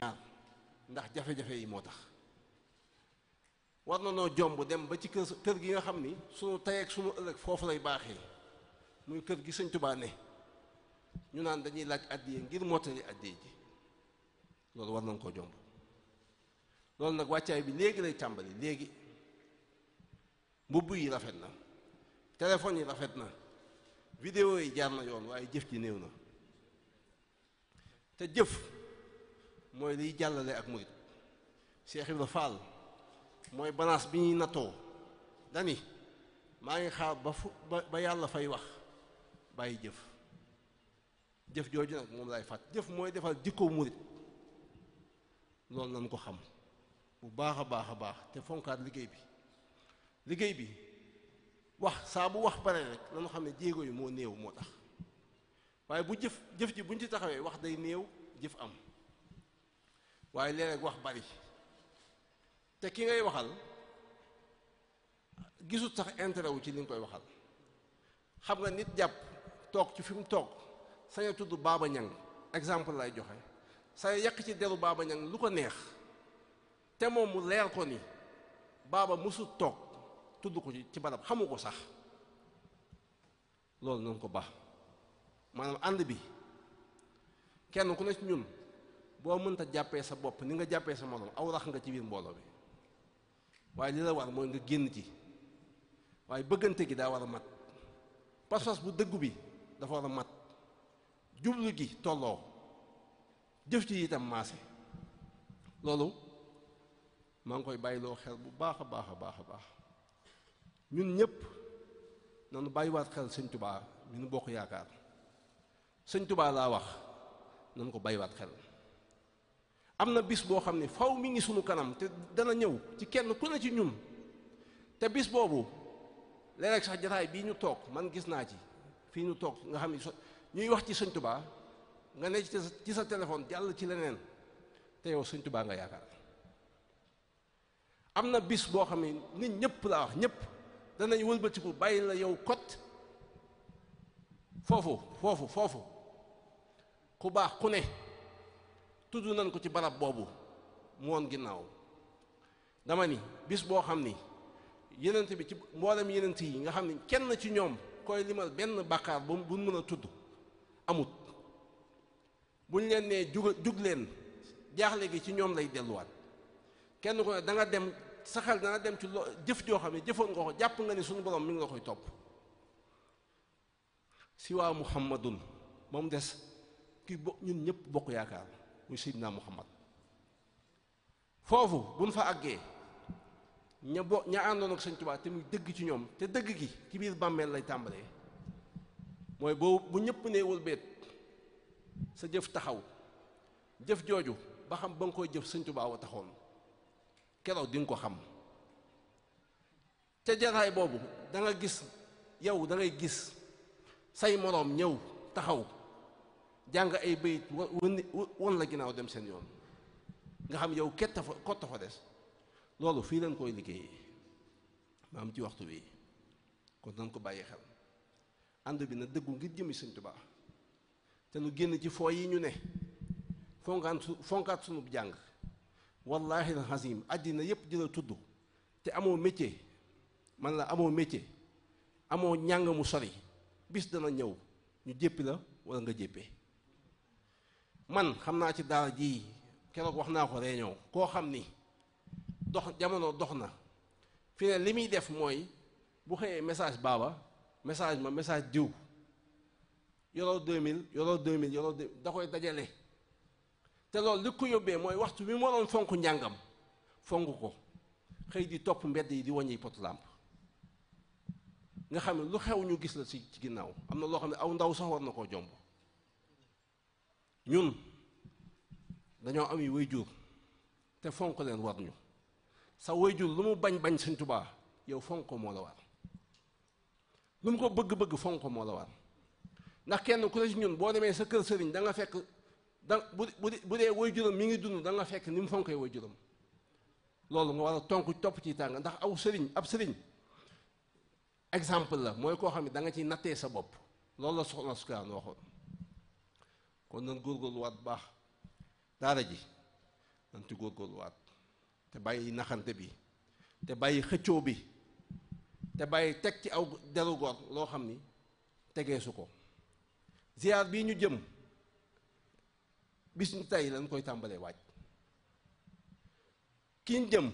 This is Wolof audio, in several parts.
ñaar ndax jafe-jafe yi moo tax war na noo jomb dem ba ci kër kër gi nga xam ni sunu tey ak sunu ëllëg foofu lay baaxee muy kër gi Sëñ Tuubaa ñu naan dañuy laaj àddiya ngir mottali àddiya ji loolu war nañ koo jomb loolu nag wàccaay bi léegi lay tàmbali léegi mbubb yi rafet na téléphone yi rafet na vidéo yi jaar na yoon waaye jëf ji néew na te jëf mooy liy jàllale ak murid Cheikh Ibra Fall mooy balance bi ñuy nattoo dani maa ngi xaar ba fu ba yàlla fay wax bàyyi jëf jëf jooju nag moom laay fàtt jëf mooy defal jikko murid loolu nañ ko xam bu baax a baax a baax te fonkaat liggéey bi liggéey bi wax saa bu wax bare rek nañu xam ne jéego yi moo néew moo tax waaye bu jëf jëf ji buñ ci taxawee wax day néew jëf am waaye léeg wax bari te ki ngay waxal gisut sax intérêt wu ci li nga koy waxal xam nga nit jàpp toog ci fi mu toog saña a tudd baaba ñang exemple lay joxe sañ yàq ci deru baaba ñang lu ko neex te moom mu leer ko ni baaba mësul toog tudd ko ci barab xamu ko sax loolu noonu ko baax maanaam ànd bi kenn ku ne ci ñun boo mënta jàppee sa bopp ni nga jàppee sa moroom aw rax nga ci biir mbooloo bi waaye li la war mooy nga génn ci waaye bëggante gi daa war a mat pas-pas bu dëggu bi dafa war a mat jublu gi tolloo jëf ci itam maase loolu maa ngi koy bàyyiloo xel bu baax a baax a baax a baax ñun ñëpp noonu bàyyiwaat xel sëñ tubaa mi bokk yaakaar sëñ tubaa laa wax nanu ko bàyyiwaat xel am na bis boo xam ne faw mi ngi sunu kanam te dana ñëw ci kenn ku ne ci ñun te bis boobu léeg-léeg sax jataay bii ñu toog man gis naa ci fii ñu toog nga xam ne ñuy wax ci sëñtubaa nga ne ci sa téléphone jàll ci leneen te yow sëñ nga yaakaar am na bis boo xam nit ñëpp laa wax ñëpp danañ wëlbatiku bàyyi la yow kot foofu foofu foofu ku baax ku ne tudd nañ ko ci barab boobu moom ginnaaw dama ni bis boo xam ni yenent bi ci mboolem yenent yi nga xam ni kenn ci ñoom koy limal benn bàkkaar bu bu mën a tudd amut buñ leen nee jug jug leen jaaxle gi ci ñoom lay delluwaat kenn ku ne da nga dem sa xel dem ci lo jëf joo xam ne jëfoon nga ko jàpp nga ni suñu borom mi ngi la koy topp si waa muhammadun moom des ki bo ñun ñëpp bokk yaakaar muy Seydina Muhammad foofu buñ fa àggee ña bo ña àndoon ak Sëñ Tuubaa te muy dëgg ci ñoom te dëgg gi ci biir bàmmeel lay tàmbalee mooy boobu bu ñëpp nee wëlbeet sa jëf taxaw jëf jooju ba xam ba nga koy jëf Sëñ Tuubaa a taxoon keroog di ko xam ca jaraay boobu da gis yow da gis say moroom ñëw taxaw jàng ay bayit won la ginnaaw dem seen yoon nga xam yow ketta fa kotta fa des loolu fii lañ koy liggéey maam ci waxtu wi kon nañ ko bàyyi xel ànd bi na dëggu ngir jëmi Sëñ Tuubaa te nu génn ci foo yi ñu ne fonkaan su fonkaat sunub jàng wallaahi al azim àddina yépp dina tudd te amoo métier man la amoo métier amoo ñàng mu soli bis dana ñëw ñu jéppi la wala nga jéppe man xam naa ci daara jii keroog wax naa ko réunion koo xam ni dox jamono dox na fi ne li muy def mooy bu xëyee message baaba message ma message diw yoroo 2000 yoroo 2000 mil da koy dajale te loolu li ko yóbbee mooy waxtu bi mu waroon fonk njàngam fonk ko xëy di topp mbedd yi di wàññi pot làmp nga xam ne lu xew ñu gis la ci ginnaaw am na loo xam ne aw ndaw sax war na koo jomb ñun dañoo am yi way jur te fonk leen war ñu sa way jur lu mu bañ bañ Sëñ Tuubaa yow fonk moo la war lu mu ko bëgg-bëgg fonk moo la war ndax kenn ku ne ci ñun boo demee sa kër sëriñ da fekk da bu bu dee way juram mi ngi dund da nga fekk ni mu fonkee way juram loolu nga war a tonk topp ci tàng ndax aw sëriñ ab sëriñ exemple la mooy koo xam ne da nga ciy nattee sa bopp loolu la soxna Sukaar waxoon kon nan góorgóorluwaat bu baax daara ji nan ci góorgóorluwaat te bàyyi naxante bi te bàyyi xëccoo bi te bàyyi teg ci aw deru gor loo xam ni tegeesu ko ziar bii ñu jëm bis ñu tey lañ koy tàmbalee waaj kii jëm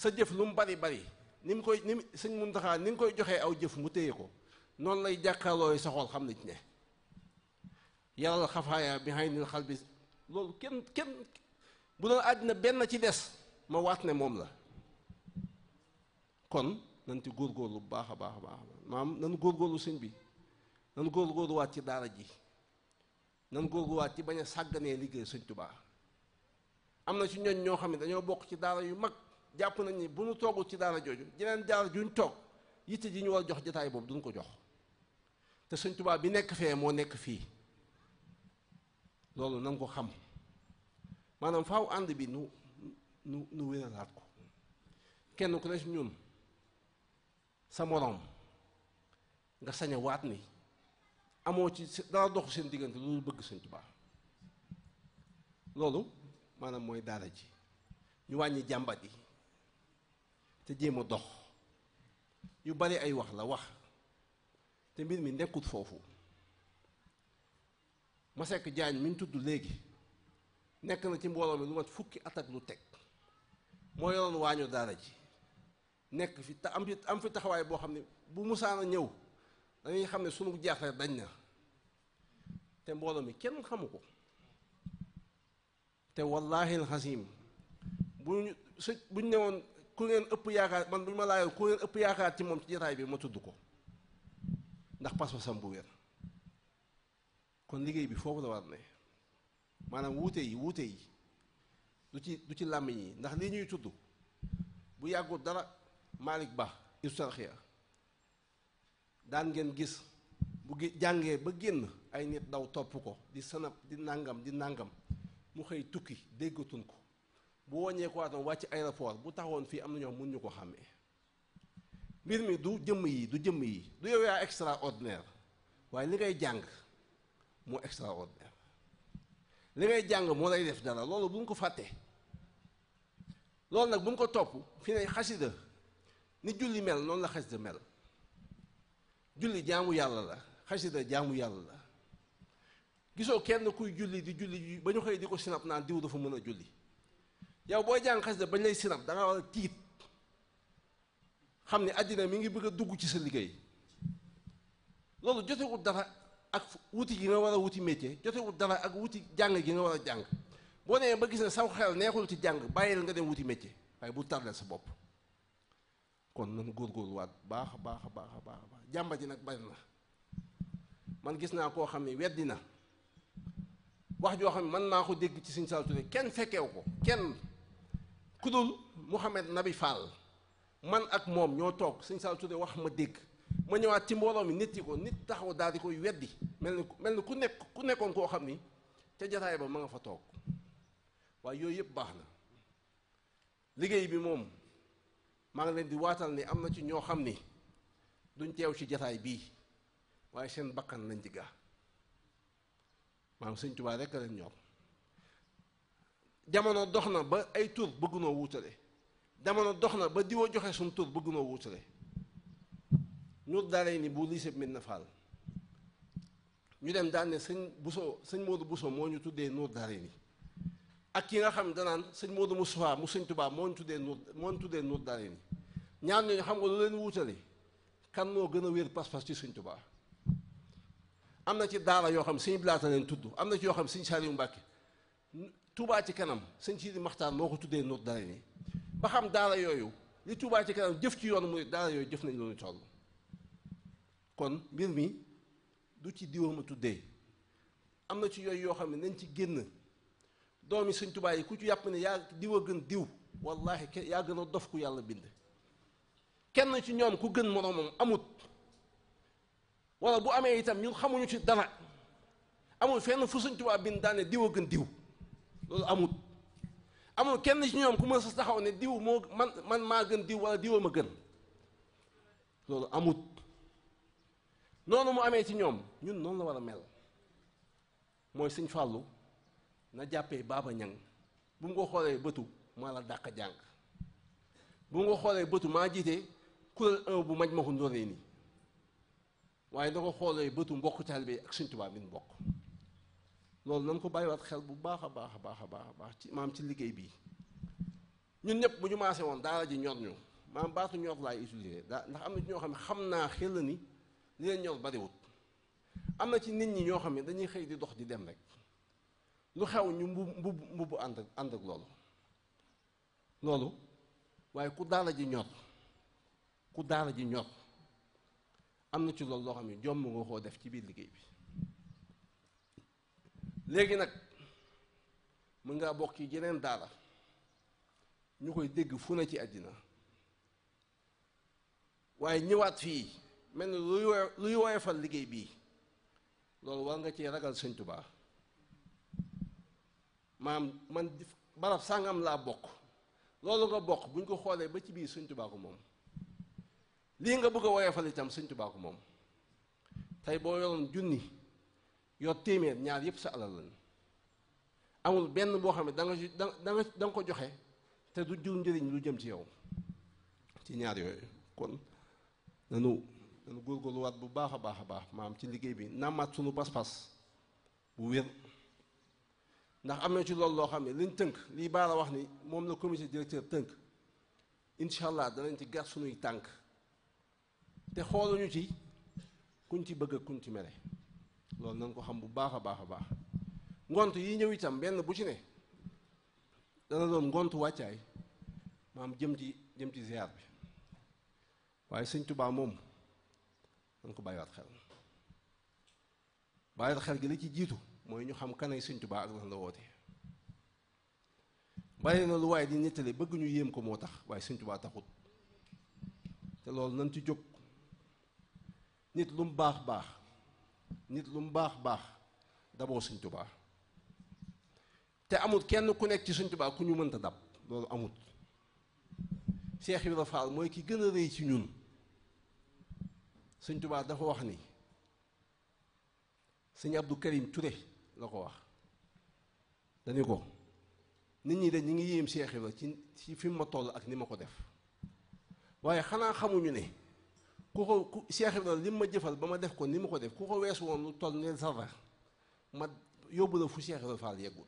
sa jëf lu mu bari bari ni mu koy ni mu sëñ Muntaxa ni nga koy joxee aw jëf mu téye ko noonu lay jàkkaarlooy sa xol xam ne ci ne yaral xafaaya bi hay nil xal bi loolu kenn kenn bu doon àddina benn ci des ma waat ne moom la kon nan ci góorgóorlu bu baax a baax a baax maam nan góorgóorlu sëñ bi nan góorgóorluwaat ci daara ji nan góorgóorluwaat ci bañ a sàgganee liggéey sëñ tubaa am na ci ñooñ ñoo xam ne dañoo bokk ci daara yu mag jàpp nañ ni bu ñu toogul ci daara jooju jeneen daara juñ toog yitte ji ñu war jox jataay boobu duñ ko jox te sëñ Tuubaa bi nekk fee moo nekk fii loolu nan ko xam maanaam faaw ànd bi nu nu nu wéralaat ko kenn ku ne si ñun sa moroom nga sañ waat ni amoo ci dara dox seen diggante lu bëgg Sëñ Tuubaa loolu maanaam mooy daara ji ñu wàññi jàmbat yi te jéem a dox yu bari ay wax la wax te mbir mi nekkut foofu Masek Diagne mi ñu tudd léegi nekk na ci mbooloo mi lu mat fukki at ak lu teg moo yoroon waañu daara ji nekk fi te am fi am fi taxawaay boo xam ne bu musaana ñëw dañuy xam ne sunu jaaxle dañ na te mbooloo mi kenn xamu ko te wallaahi alxasim bu ñu su bu ñu ne woon ku ngeen ëpp yaakaar man bu ñu ma laayoon ku ngeen ëpp yaakaar ci moom ci jataay bi ma tudd ko ndax pas-pasam bu wér kon liggéey bi foofu la war ne maanaam wuute yi wuute yi du ci du ci làmmiñ yi ndax lii ñuy tudd bu yàggul dara Malick Ba Hizbut-Tarqiyyah daan ngeen gis bu jàngee ba génn ay nit daw topp ko di sanab di nàngam di nàngam mu xëy tukki dégg ko bu wàññee ko waatam wàcc aéroport bu taxawoon fii am na ñoo mun ñu ko xàmmee mbir mi du jëmm yi du jëmm yi du yow yaa extraordinaire waaye li ngay jàng moo extraordinaire li ngay jàng moo lay def dara loolu bu ñu ko fàttee loolu nag bu ñu ko topp fi ne xasida ni julli mel noonu la xasida mel julli jaamu yàlla la xasida jaamu yàlla la gisoo kenn kuy julli di julli ba ñu xëy di ko sinap naan diw dafa mën a julli yow booy jàng xasida bañ lay sinap da nga war a tiit xam ne àddina mi ngi bëgg a dugg ci sa liggéey loolu jotewul dara ak wuti gi nga war a wuti métier jotewul dara ak wuti jàng gi nga war a jàng boo nee ba gis ne saw xel neexul ci jàng bàyyil nga dem wuti métier waaye bu tardel sa bopp kon nan góorgóorluwaat baax a baax a baax a baax jàmba ji nag bari na man gis naa koo xam ne weddi na wax joo xam ne man naa ko dégg ci Sëñ Saaliw Ture kenn fekkeew ko kenn ku dul Mouhamed Nabi Fall man ak moom ñoo toog Sëñ Saaliw Ture wax ma dégg ma ñëwaat ci mbooloo mi nit yi ko nit taxaw daal di koy weddi mel ni mel ni ku nekk ku nekkoon koo xam ni ca jataay ba ma nga fa toog waaye yooyu yëpp baax na liggéey bi moom maa ngi leen di waatal ni am na ci ñoo xam ni duñ teew ci jataay bii waaye seen bakkan lañ ci gaa maam sëñ Tuubaa rekk leen ñor jamono dox na ba ay tur bëgg noo wutale jamono dox na ba diwoo joxe suñ tur bëgg noo wutale Nuuru Daarayni bu lycée Médina Fall ñu dem daan ne sëñ buso sëñ Modou buso moo ñu tuddee Nuuru Daarayni ak ki nga xam danaan sëñ Modou Moustapha mu sëñ Tuubaa moo ñu tuddee Nuuru moo ñu tuddee Nuuru Daarayni ñaar ñooñu xam nga lu leen wutale kan moo gën a wér pas-pas ci sëñ Tuubaa am na ci daara yoo xam sëñ Blaata leen tudd am na ci yoo xam sëñ Saliou Mbàkke Tuubaa ci kanam sëñ Sidi Maxtaar moo ko tuddee Nuuru Daarayni ba xam daara yooyu li Tuubaa ci kanam jëf ci yoon mu daara yooyu jëf nañ loolu toll kon mbir mi du ci diwama tuddee am na ci yooyu yoo xam ne nañ ci génn doomi Sëñ Tuubaa yi ku ci yàpp ne yaa diw a gën diw wallaahi ke gën dof ku yàlla bind kenn ci ñoom ku gën moroomam amut wala bu amee itam ñun xamuñu ci dara amul fenn fu Sëñ Tuubaa bind daane diw a gën diw loolu amut amul kenn ci ñoom ku mën sa taxaw ne diw moo man man maa gën diw wala diwa ma gën loolu amut noonu mu amee ci ñoom ñun noonu la war a mel mooy sëñ fàllu na jàppee baaba ñaŋ bu mu ko xoolee bëtu maa la dàq jàng bu mu ko xoolee bëtu maa jiite kuréel bu maj ma ko ndoree nii waaye da ko xoolee bëtu mbokk taalibe ak sëñ Tuubaa bi ñu bokk loolu nan ko bàyyiwaat xel bu baax a baax a baax a baax ci maam ci liggéey bii ñun ñëpp bu ñu maasee woon daara ji ñor ñu maam baatu ñor laay utiliser daa ndax am na ñoo xam ne xam naa xel ni li leen ñor bariwut am na ci nit ñi ñoo xam ne dañuy xëy di dox di dem rek lu xew ñu mbu mbubb mbubb ànd ak ànd ak loolu loolu waaye ku daara ji ñor ku daara ji ñor am na ci loolu loo xam ne jomm nga koo def ci biir liggéey bi léegi nag mën ngaa bokk jeneen daala ñu koy dégg fu ne ci àddina waaye ñëwaat fii mel ni luy luy woyofal liggéey bii loolu war nga cee ragal sëñ Tuubaa maam man barab sàngam laa bokk loolu nga bokk bu ñu ko xoolee ba ci biir sëñ Tuubaa ko moom lii nga bëgg a woyofal itam sëñ Tuubaa ko moom tey boo yoroon junni yor téeméer ñaar yépp sa alal lañ amul benn boo xam ne danga nga ci ko joxe te du jur njëriñ lu jëm ci yow ci ñaar yooyu kon nanu dañu góorgóorluwaat bu baax a baax a baax maam ci liggéey bi nàmmaat sunu pas-pas bu wér ndax am na ci loolu loo xam ne liñ tënk lii baara wax ni moom la comité directeur tënk incha allah danañ ci gar sunuy tànk te xooluñu ci kuñ ci bëgg kuñ ci mere loolu nañ ko xam bu baax a baax a baax ngont yi ñëw itam benn bu ci ne dana doon ngont wàccaay maam jëm ci jëm ci ziar bi waaye sëñ Tuubaa moom dañ ko bàyyiwaat xel bàyyiwaat xel gi la ci jiitu mooy ñu xam kanay Sëñ Tuubaa ak lan la woote bari na lu waaye di nettali bëgg ñu yéem ko moo tax waaye Sëñ taxut te loolu nañ ci jóg nit lu baax baax nit lu mu baax baax daboo Sëñ Tuubaa te amut kenn ku nekk ci suñtubaa ku ñu mënta dab loolu amut Seex Ibra Faal mooy ki gën a rëy ci ñun sëñ Tuubaa dafa wax ni sëñ Abdou Karim Touré la ko wax dañu ko nit ñi de ñi ngi yéem Seex ci ci fi mu ma toll ak ni ma ko def waaye xanaa xamuñu ne ku ko ku Seex Ibra li ma jëfal ba ma def ko ni ma ko def ku ko weesu woon lu toll ne sara ma yóbbu la fu Seex Ibra Faal yeggul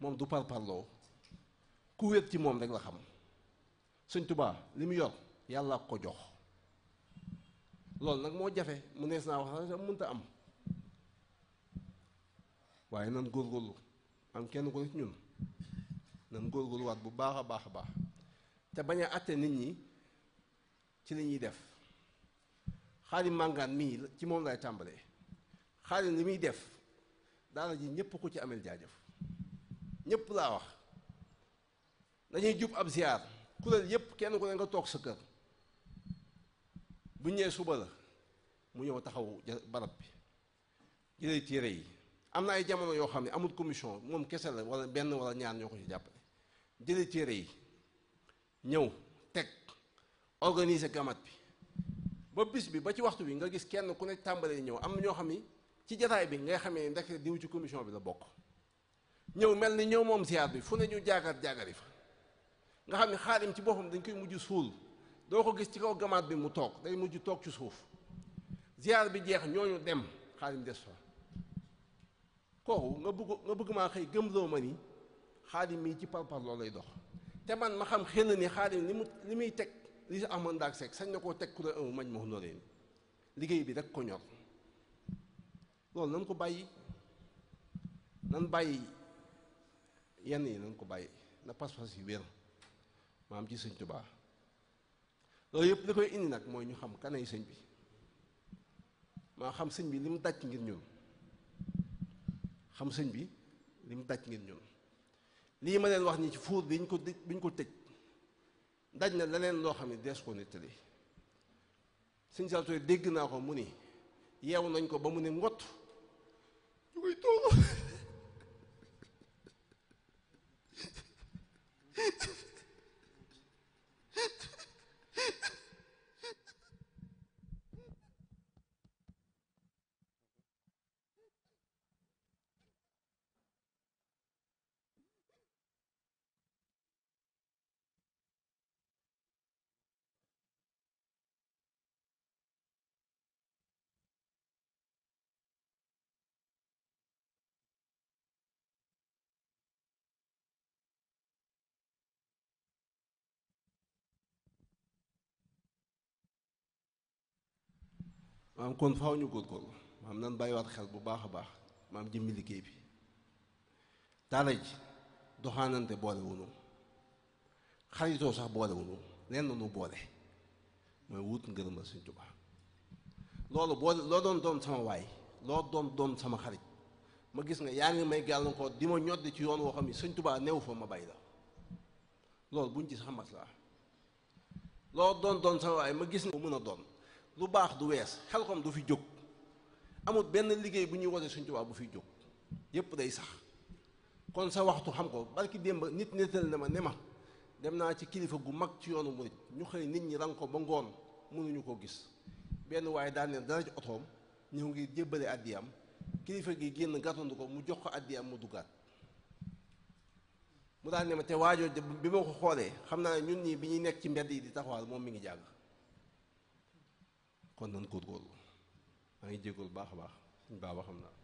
moom du parparloo ku wér ci moom rek la xam sëñ Tuubaa li mu yor yàlla ko jox loolu nag moo jafe mu nees naa wax sax mënta am waaye nan góorgóorlu am kenn ko ci ñun nan góorgóorluwaat bu baax a baax a baax te bañ a àtte nit ñi ci li ñuy def xaalis màngaan mii ci moom laay tàmbalee xaalis li muy def daara ji ñépp ko ci amel jaajëf ñépp laa wax dañuy jub ab ziar kuréel yépp kenn ku ne toog sa kër bu ñëwee suba la mu ñëw taxaw barab bi jëlee téere yi am na ay jamono yoo xam ne amul commission moom kese la wala benn wala ñaar ñoo ko ci jàppale jële téere yi ñëw teg organiser gamat bi ba bis bi ba ci waxtu bi nga gis kenn ku ne tàmbalee ñëw am na ñoo xam ni ci jataay bi ngay xamee ni ndek diw ci commission bi la bokk ñëw mel ni ñëw moom siyaat bi fu ne ñu jaagar jaagari fa nga xam ne xaadim ci boppam dañ koy mujj suul doo ko gis ci kaw gamaat bi mu toog day mujj toog ci suuf ziar bi jeex ñooñu dem xaadim des fa kooku nga bëgg nga bëgg maa xëy gëmloo ma ni xaadim mii ci parpar loolu lay dox te man ma xam xel ni xaadim li mu li muy teg li si amoon daag seeg sañ na koo teg ku la ëw mañ moo noreen liggéey bi rek ko ñor loolu nan ko bàyyi nan bàyyi yenn yi nan ko bàyyi na pas-pas yi wér maam ci Sëñ Tuubaa loolu yëpp li koy indi nag mooy ñu xam kanay sëñ bi maa xam sëñ bi li mu daj ngir ñun xam sëñ bi li mu daj ñun lii ma leen wax nii ci fuur bi ñu ko dëj bi ñu ko tëj daj na leneen loo xam ne dees koo nettali sëñ Saliou Touré dégg naa ko mu ni yeewu nañ ko ba mu ne ngott maam kon faaw ñu góorgóorlu maam nan bàyyiwaat xel bu baax a baax maam jëmmi liggéey bi daara ji doxaanante boole wunu xaritoo sax boole wunu lenn nu boole mooy wut ngërëmal Sëñ Tuubaa loolu boole loo doon doon sama waay loo doon doon sama xarit ma gis nga yaa ngi may gàllankoor di ma ñoddi ci yoon woo xam ne Sëñ Tuubaa newu fa ma bàyyi la loolu buñ ci sax maslaa loo doon doon sama waay ma gis nga mën a doon lu baax du wees xel xom du fi jóg amut benn liggéey bu ñuy wone suñ tubaab bu fi jóg yépp day sax kon sa waxtu xam ko barki démb nit nettal na ma ne ma dem naa ci kilifa gu mag ci yoonu murit ñu xëy nit ñi rang ko ba ngoon mënuñu ko gis benn waaye daan ne dara ci otoom ñëw ngir jébbale àddiyam kilifa gi génn gàttandu ko mu jox ko àddiyam mu duggaat mu daan ne ma te waajoo bi ma ko xoolee xam naa ñun ñii bi ñuy nekk ci mbedd yi di taxawaal moom mi ngi jàng kon nan góorgóorlu maa ngi jégalu baax a baax suñ baa xam naa